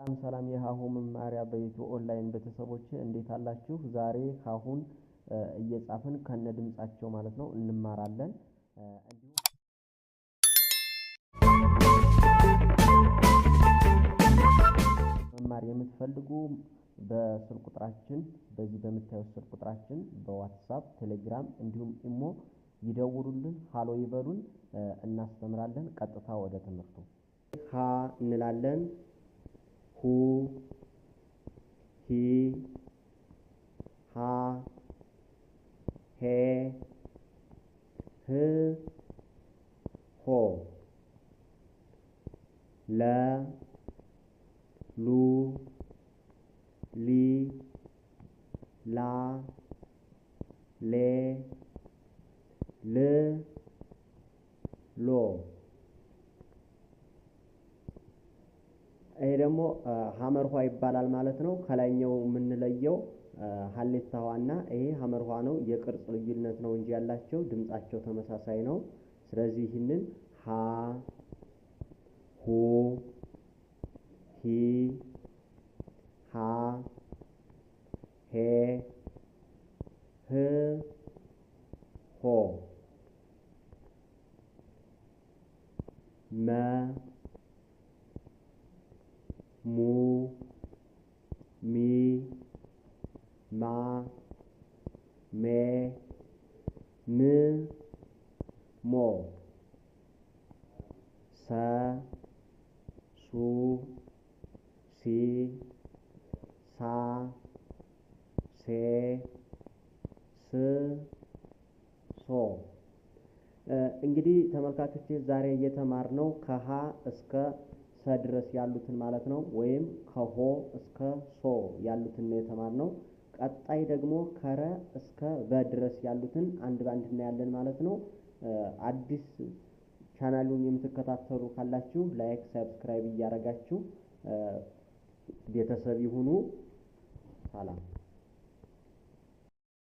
ሰላም ሰላም የሀሁ መማሪያ በዩቲዩብ ኦንላይን ቤተሰቦች እንዴት አላችሁ? ዛሬ ሀሁን እየጻፍን ከነ ድምጻቸው ማለት ነው እንማራለን። እንዲሁም መማር የምትፈልጉ በስልክ ቁጥራችን በዚህ በምታዩት ስልክ ቁጥራችን በዋትሳፕ ቴሌግራም፣ እንዲሁም ኢሞ ይደውሉልን፣ ሀሎ ይበሉን፣ እናስተምራለን። ቀጥታ ወደ ትምህርቱ ሀ እንላለን። who, he, ha, he, his, ho, la, lu, li, la, le, ይሄ ደግሞ ውሃ ይባላል ማለት ነው። ከላይኛው የምንለየው ሀሌታ እና ይሄ ውሃ ነው። የቅርጽ ልዩነት ነው እንጂ ያላቸው ድምጻቸው ተመሳሳይ ነው። ስለዚህ ይህንን ሀ ሁ ሂ ሀ ሄ ህ ሆ መ ማ ሜ ም ሞ ሰ ሱ ሲ ሳ ሴ ስ ሶ እንግዲህ ተመልካቾቼ ዛሬ እየተማርነው ከሀ እስከ ሰ ድረስ ያሉትን ማለት ነው። ወይም ከሆ እስከ ሶ ያሉትን ነው የተማርነው። ቀጣይ ደግሞ ከረ እስከ በ ድረስ ያሉትን አንድ በአንድ እናያለን ማለት ነው። አዲስ ቻናሉን የምትከታተሉ ካላችሁ ላይክ፣ ሰብስክራይብ እያደረጋችሁ ቤተሰብ ይሁኑ። ሰላም